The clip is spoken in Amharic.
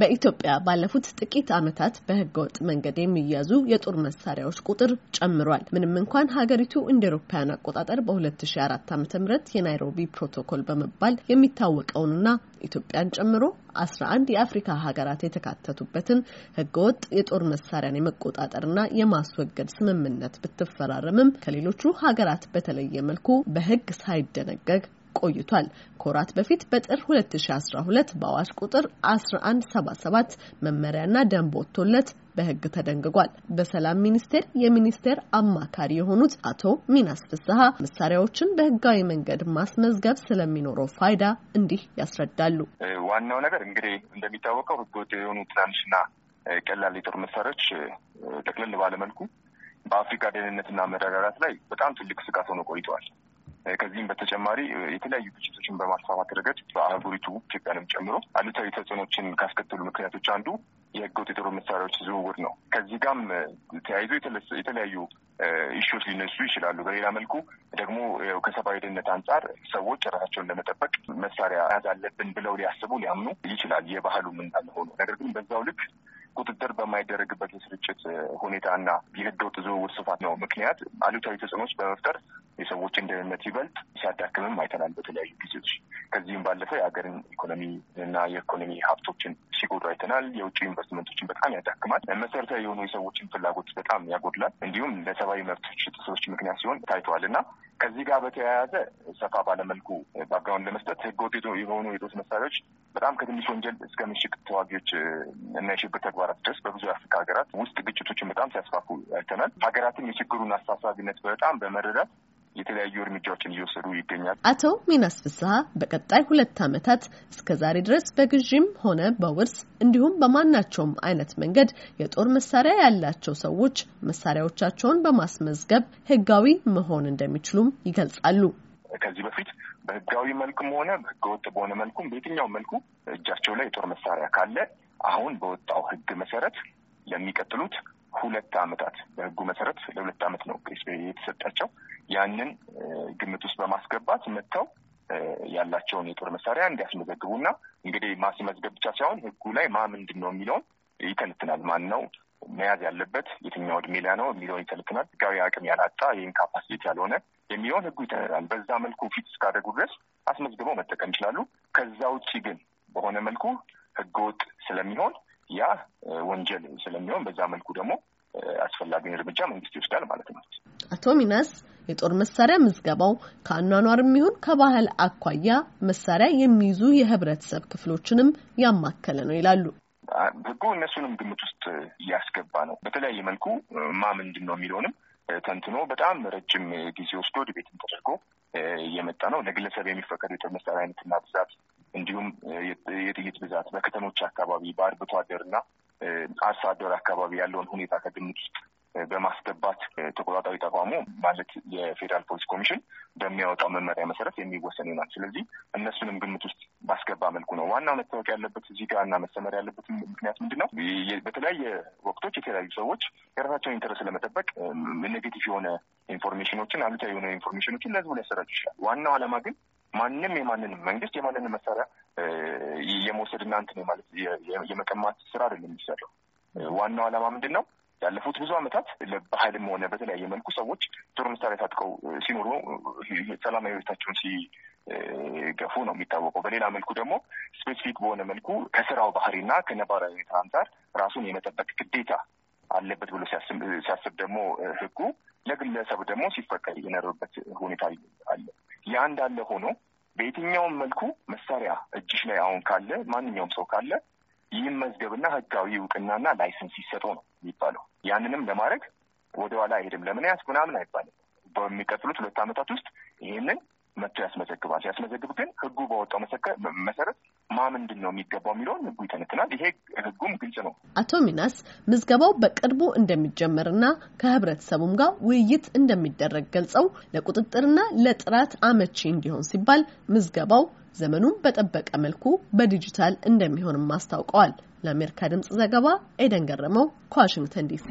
በኢትዮጵያ ባለፉት ጥቂት ዓመታት በህገወጥ መንገድ የሚያዙ የጦር መሳሪያዎች ቁጥር ጨምሯል። ምንም እንኳን ሀገሪቱ እንደ ኤሮፓያን አቆጣጠር በ2004 ዓ ም የናይሮቢ ፕሮቶኮል በመባል የሚታወቀውንና ኢትዮጵያን ጨምሮ 11 የአፍሪካ ሀገራት የተካተቱበትን ህገወጥ የጦር መሳሪያን የመቆጣጠርና የማስወገድ ስምምነት ብትፈራረምም ከሌሎቹ ሀገራት በተለየ መልኩ በህግ ሳይደነገግ ቆይቷል። ከወራት በፊት በጥር 2012 በአዋጅ ቁጥር 1177 መመሪያና ደንብ ወጥቶለት በሕግ ተደንግጓል። በሰላም ሚኒስቴር የሚኒስቴር አማካሪ የሆኑት አቶ ሚናስ ፍስሀ መሳሪያዎችን በህጋዊ መንገድ ማስመዝገብ ስለሚኖረው ፋይዳ እንዲህ ያስረዳሉ። ዋናው ነገር እንግዲህ እንደሚታወቀው ህገወጥ የሆኑ ትናንሽና ቀላል የጦር መሳሪያዎች ጠቅለል ባለመልኩ በአፍሪካ ደህንነትና መረጋጋት ላይ በጣም ትልቅ ስጋት ሆኖ ቆይተዋል። ከዚህም በተጨማሪ የተለያዩ ግጭቶችን በማስፋፋት ረገድ በአህጉሪቱ ኢትዮጵያንም ጨምሮ አሉታዊ ተጽዕኖችን ካስከተሉ ምክንያቶች አንዱ የህገወጥ የጦር መሳሪያዎች ዝውውር ነው። ከዚህ ጋም ተያይዞ የተለያዩ ኢሹዎች ሊነሱ ይችላሉ። በሌላ መልኩ ደግሞ ከሰብአዊ ደህንነት አንጻር ሰዎች ራሳቸውን ለመጠበቅ መሳሪያ ያዝ አለብን ብለው ሊያስቡ ሊያምኑ ይችላል። የባህሉም እንዳለ ሆኖ ነገር ግን በዛው ልክ ቁጥጥር በማይደረግበት የስርጭት ሁኔታና የህገወጥ ዝውውር ስፋት ነው ምክንያት አሉታዊ ተጽዕኖች በመፍጠር የሰዎችን ደህንነት ይበልጥ ሲያዳክምም አይተናል በተለያዩ ጊዜዎች። ከዚህም ባለፈው የሀገርን ኢኮኖሚ እና የኢኮኖሚ ሀብቶችን ሲጎዱ አይተናል። የውጭ ኢንቨስትመንቶችን በጣም ያዳክማል። መሰረታዊ የሆኑ የሰዎችን ፍላጎት በጣም ያጎድላል። እንዲሁም ለሰብአዊ መብቶች ጥሰቶች ምክንያት ሲሆን ታይተዋል እና ከዚህ ጋር በተያያዘ ሰፋ ባለመልኩ ባክግራውንድ ለመስጠት ህገወጥ የሆኑ የጦር መሳሪያዎች በጣም ከትንሽ ወንጀል እስከ ምሽቅ ተዋጊዎች እና የሽብር ተግባራት ድረስ በብዙ የአፍሪካ ሀገራት ውስጥ ግጭቶችን በጣም ሲያስፋፉ አይተናል። ሀገራትም የችግሩን አሳሳቢነት በጣም በመረዳት የተለያዩ እርምጃዎችን እየወሰዱ ይገኛል። አቶ ሚናስ ፍስሀ በቀጣይ ሁለት ዓመታት እስከ ዛሬ ድረስ በግዥም ሆነ በውርስ እንዲሁም በማናቸውም አይነት መንገድ የጦር መሳሪያ ያላቸው ሰዎች መሳሪያዎቻቸውን በማስመዝገብ ህጋዊ መሆን እንደሚችሉም ይገልጻሉ። ከዚህ በፊት በህጋዊ መልኩም ሆነ በህገወጥ በሆነ መልኩም በየትኛው መልኩ እጃቸው ላይ የጦር መሳሪያ ካለ አሁን በወጣው ህግ መሰረት ለሚቀጥሉት ሁለት አመታት በህጉ መሰረት ለሁለት አመት ነው የተሰጣቸው። ያንን ግምት ውስጥ በማስገባት መጥተው ያላቸውን የጦር መሳሪያ እንዲያስመዘግቡና እንግዲህ ማስመዝገብ ብቻ ሳይሆን ህጉ ላይ ማ ምንድን ነው የሚለውን ይተንትናል። ማን ነው መያዝ ያለበት የትኛው እድሜ ላይ ነው የሚለውን ይተንትናል። ህጋዊ አቅም ያላጣ ይህን ካፓሲቲ ያልሆነ የሚለውን ህጉ ይተንትናል። በዛ መልኩ ፊት እስካደረጉ ድረስ አስመዝግበው መጠቀም ይችላሉ። ከዛ ውጭ ግን በሆነ መልኩ ህገወጥ ስለሚሆን ያ ወንጀል ስለሚሆን በዛ መልኩ ደግሞ አስፈላጊውን እርምጃ መንግስት ይወስዳል ማለት ነው። አቶ ሚናስ የጦር መሳሪያ ምዝገባው ከአኗኗር የሚሆን ከባህል አኳያ መሳሪያ የሚይዙ የህብረተሰብ ክፍሎችንም ያማከለ ነው ይላሉ። ህጉ እነሱንም ግምት ውስጥ እያስገባ ነው። በተለያየ መልኩ ማ ምንድን ነው የሚለውንም ተንትኖ በጣም ረጅም ጊዜ ወስዶ ድቤትን ተደርጎ እየመጣ ነው። ለግለሰብ የሚፈቀዱ የጦር መሳሪያ አይነትና ብዛት እንዲሁም የጥይት ብዛት በከተሞች አካባቢ በአርብቶ አደርና አርሶ አደር አካባቢ ያለውን ሁኔታ ከግምት ውስጥ በማስገባት ተቆጣጣሪ ተቋሙ ማለት የፌዴራል ፖሊስ ኮሚሽን በሚያወጣው መመሪያ መሰረት የሚወሰን ይሆናል። ስለዚህ እነሱንም ግምት ውስጥ ባስገባ መልኩ ነው። ዋናው መታወቅ ያለበት እዚህ ጋር እና መሰመር ያለበት ምክንያት ምንድን ነው? በተለያየ ወቅቶች የተለያዩ ሰዎች የራሳቸውን ኢንተረስ ለመጠበቅ ኔጌቲቭ የሆነ ኢንፎርሜሽኖችን፣ አሉታዊ የሆነ ኢንፎርሜሽኖችን ለህዝቡ ሊያሰራጭ ይችላል። ዋናው ዓላማ ግን ማንም የማንንም መንግስት የማንንም መሳሪያ የመውሰድ እና እንትን ማለት የመቀማት ስራ አይደለም የሚሰራው። ዋናው ዓላማ ምንድን ነው? ያለፉት ብዙ ዓመታት በኃይልም ሆነ በተለያየ መልኩ ሰዎች ጥሩ መሳሪያ ታጥቀው ሲኖሩ ሰላማዊ ህይወታቸውን ሲገፉ ነው የሚታወቀው። በሌላ መልኩ ደግሞ ስፔሲፊክ በሆነ መልኩ ከስራው ባህሪና ከነባራዊ ሁኔታ አንጻር ራሱን የመጠበቅ ግዴታ አለበት ብሎ ሲያስብ ደግሞ ህጉ ለግለሰብ ደግሞ ሲፈቀድ የነበረበት ሁኔታ አለ። ያ እንዳለ ሆኖ በየትኛውም መልኩ መሳሪያ እጅሽ ላይ አሁን ካለ ማንኛውም ሰው ካለ ይህም መዝገብና ህጋዊ እውቅናና ላይሰንስ ይሰጠው ነው የሚባለው። ያንንም ለማድረግ ወደኋላ አይሄድም። ለምን ያስ ምናምን አይባልም። በሚቀጥሉት ሁለት ዓመታት ውስጥ ይህንን መጥቶ ያስመዘግባል። ሲያስመዘግብ ግን ህጉ በወጣው መሰረት ማ ምንድን ነው የሚገባው የሚለውን ህጉ ይተነትናል። ይሄ ህጉም ግልጽ ነው። አቶ ሚናስ ምዝገባው በቅርቡ እንደሚጀመርና ከህብረተሰቡም ጋር ውይይት እንደሚደረግ ገልጸው ለቁጥጥርና ለጥራት አመቺ እንዲሆን ሲባል ምዝገባው ዘመኑን በጠበቀ መልኩ በዲጂታል እንደሚሆንም አስታውቀዋል። ለአሜሪካ ድምጽ ዘገባ ኤደን ገረመው ከዋሽንግተን ዲሲ